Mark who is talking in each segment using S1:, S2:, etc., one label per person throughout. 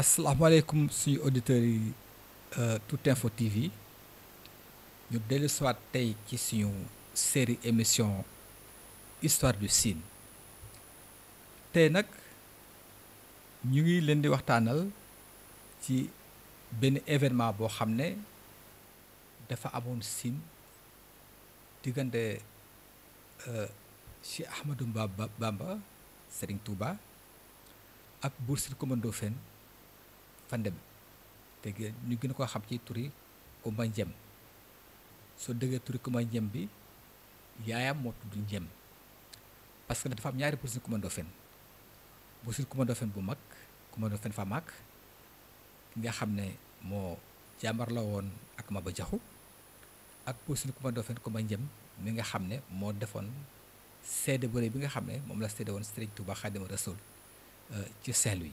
S1: asalaamaaleykum suñu auditeurs yi euh, Tout Info TV ñu dellu siwaat tey ci suñu série émission histoire du Sine tey nag ñu ngi leen di waxtaanal ci benn événement boo xam ne dafa amoon Sine diggante euh, Cheikh Ahmadou Bamba Serigne Touba ak Buur Sine Coumba fen dem te ñu gën ko xam ci turi ma njem so dege turi ma njem bi yaayam mo tuddu jëm parce que dafa am ñaari busin kumba ndofen ma do ndofen bu mag do ndofen fa mag nga xam ne moo jàmbar la won ak ba jaxu ak do fen ndofen ma njem mi nga xam ne moo defoon seede bu bi nga xam ne la sédé won sëriñ rasul eh, ci saint louis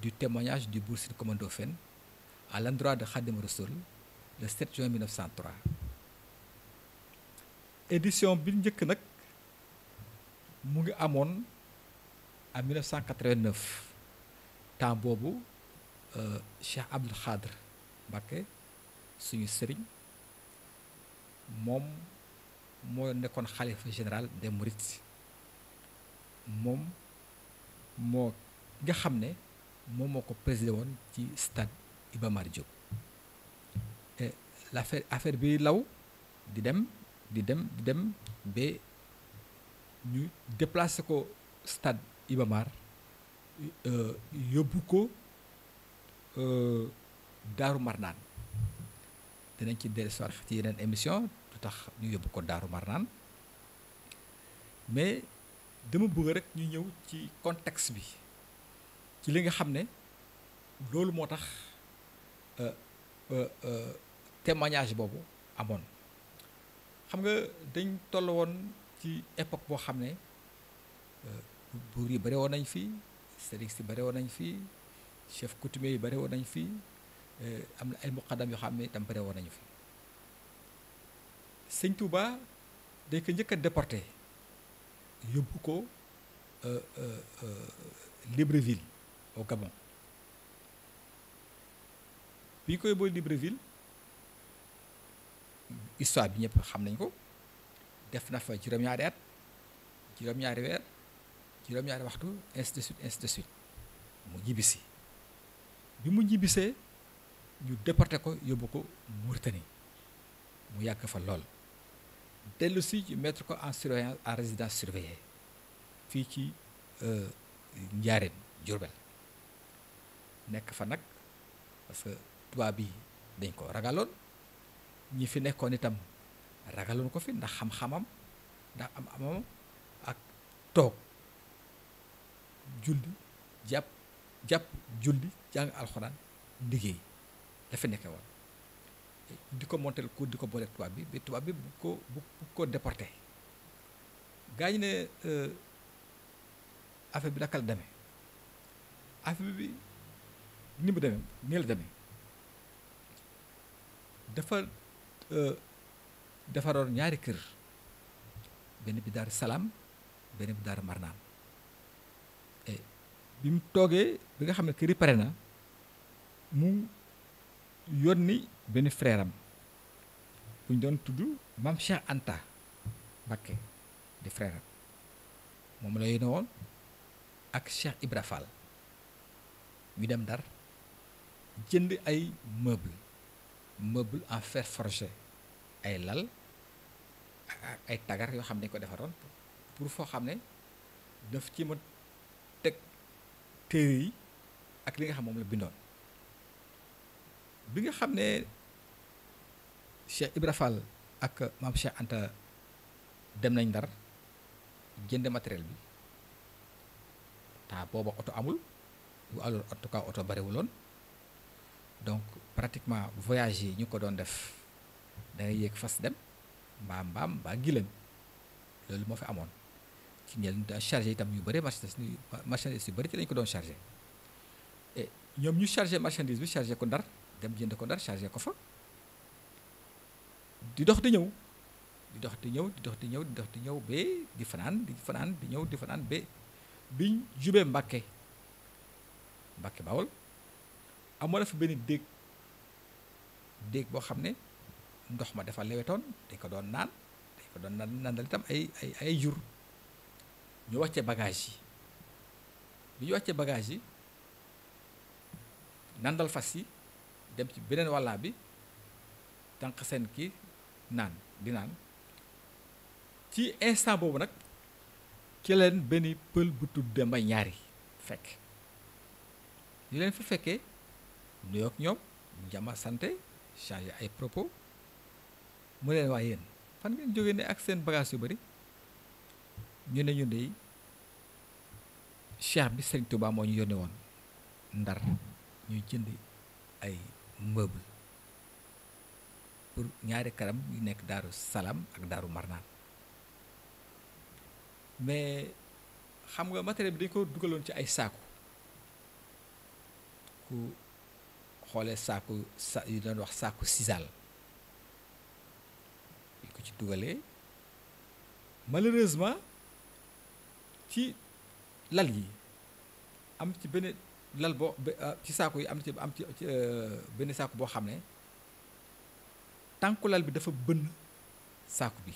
S1: du témoignage du boursier commandophène à l'endroit de Khadim Rassoul le 7 juin 1903 édition bi Nak, amon, en 1989 temps boobu euh, Cheikh Abdel Khadr Mbacké suñu sëriñ Mom, moo nekone général des Mourides mom mo nga moom moo ko présidé woon ci stade Iba Mar Diop et affaire bi law di dem di dem di dem ba ñu déplacé ko stade Iba Mar euh, yóbbu ko euh, Daaru Marnaan dinañ ci dellusiwaat ci yeneen émission lu tax ñu yóbbu ko Daaru Marnaan mais dama bëgg rek ñu ñëw ci contexte bi ci li nga xam ne loolu moo tax euh, euh, euh, témoignage boobu amoon xam nga dañ toll woon ci époque boo xam ne buur yi bare woon nañ fii sëriñ si bare nañ fii chef coutumier yi bare woon nañ fii am na ay muqaddam yoo xam ne itam bare woon nañu fi sëñ Touba dañ ko njëkk a déporté yóbbu ko Libreville au Gabon bi koy booy Libreville histoire bi ñëpp xam nañ ko def na fa juróom-ñaari at juróom-ñaari weer juróom-ñaari waxtu ainsi de suite ainsi de suite mu ñibbisi bi mu ñibbisee ñu déporté ko yóbbu ko Mauritanie mu yàgg fa lool dellu si ñu mettre ko en surveillance en résidence surveillée fii ci euh, Njaaréem Diourbel nekk fa nag parce que tubaab bi dañ ko ragaloon ñi fi nekkoon itam ragaloon ko fi ndax xam-xamam ndax am amam ak toog julli jàpp jàpp julli jàng alxuraan liggéey dafa nekke woon di ko monteel ko di ko booleeg tubaab bi ba tubaab bi bu ko bu ko déporté gaa ñi ne euh, affaire bi naka deme demee bi ni mu demee nii la demee dafa euh, defaroon ñaari kër benn bi daar salaam benn bi daar marnaam bi mu toogee bi nga xam ne këri pare na mu yoon ni benn frère am bu ñu doon tudd maam Cheikh Anta Mbacké di frère moom la yónni woon ak Cheikh Ibra Fall ñu dem Ndar jënd ay meuble meuble en fer forgé ay lal ay tagar yoo xam ne dañ ko defaroon pour foo xam ne daf ci ma teg téere yi ak li nga xam moom la bindoon bi nga xam ne Cheikh Ibra ak maam Cheikh Anta dem nañ Ndar jënd matériel bi taa booba oto amul ou alors en tout cas oto bariwuloon donc pratiquement voyager nous ñu def da ngay fas dem fi ci chargé itam ñu marchandise et nous ñu chargé marchandise chargé ko dem jënd ko amoon na fi benn déeg déeg boo xam ne ndox ma defal lewetoon dañ ko doon naan dañ ko doon naan naan dal itam ay ay ay jur ñu wàcce bagage yi bi ñu wàcce bagage yi nandal fas yi dem ci beneen wàllaa bi tànq seen kii naan di naan ci instant boobu nag ci leen benn pël bu tudd Demba ñaari fekk ñu leen fi fekkee nuyoo ak ñoom jàmma santé changé ay propos mu leen wax yéen fan ngeen jógee ne ak seen bagage yu bari ñu ne ñu dey cheikh bi Serigne Touba moo ñu yónnee woon ndar ñu jënd ay meuble pour ñaari karam yu nekk daaru salaam ak daaru marnaan mais xam nga matériel bi dañ ko dugaloon ci ay saaku xoolee saaku sa yu doon wax saaku sisal yu ko ci dugalee malheureusement ci lal yi am ci benn lal boo ah, ci saaku yi am ci am ci euh, benn saaku boo xam ne tànku lal bi dafa bënn saaku bi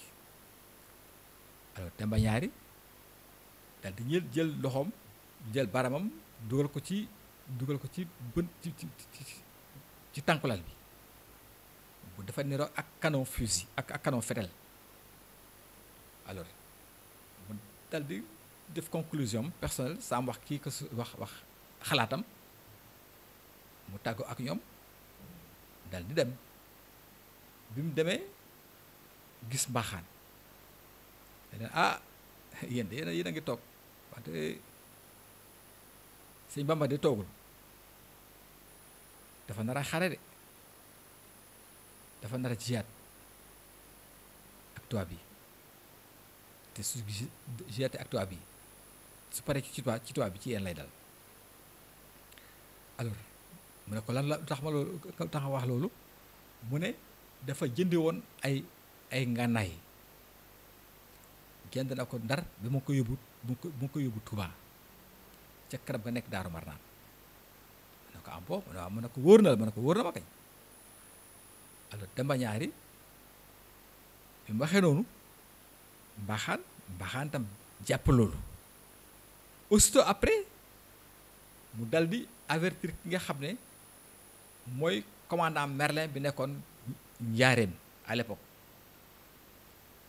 S1: alors Demba Ñaari daal di ñël jël loxoom jël baramam dugal ko ci dugal ko ci bën ci ci ci ci tankulal bi bu dafa niro ak canon fusil ak ak canon fetel alors mu dal di def conclusion personnelle saa wax ki ko wax wax xalaatam mu tàggoo ak ñoom dal di dem bi mu demee gis mbaaxaan yeneen ah yéen de yéen a ngi toog wante sëñ Bamba de toogul dafa nara a xare de dafa nar a jiyaat ak tubaab yi te su jiyaate ak tubaab yi su pare ci tubaab ci bi ci yéen lay dal alors mu ne ko lan la tax ma loolu tax wax loolu mu ne dafa jënde woon ay ay ngànnaay jënd na ko ndar bi mu ko yóbbu ko yóbbu Tuubaa ca karab ga nekk Daaru Marnaan ko am boobu waaw mu ne ko wóor na la mu ne ko wóor na ma kañ alors Demba Ñaari bi mu waxee noonu mbaxaan mbaxaan tam jàpp loolu aussitôt après mu dal di avertir ki nga xam ne mooy commandant Merlin bi nekkoon njaareem à l'époque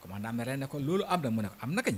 S1: commandant Merlin nekkoon loolu am na mu ne am na kañ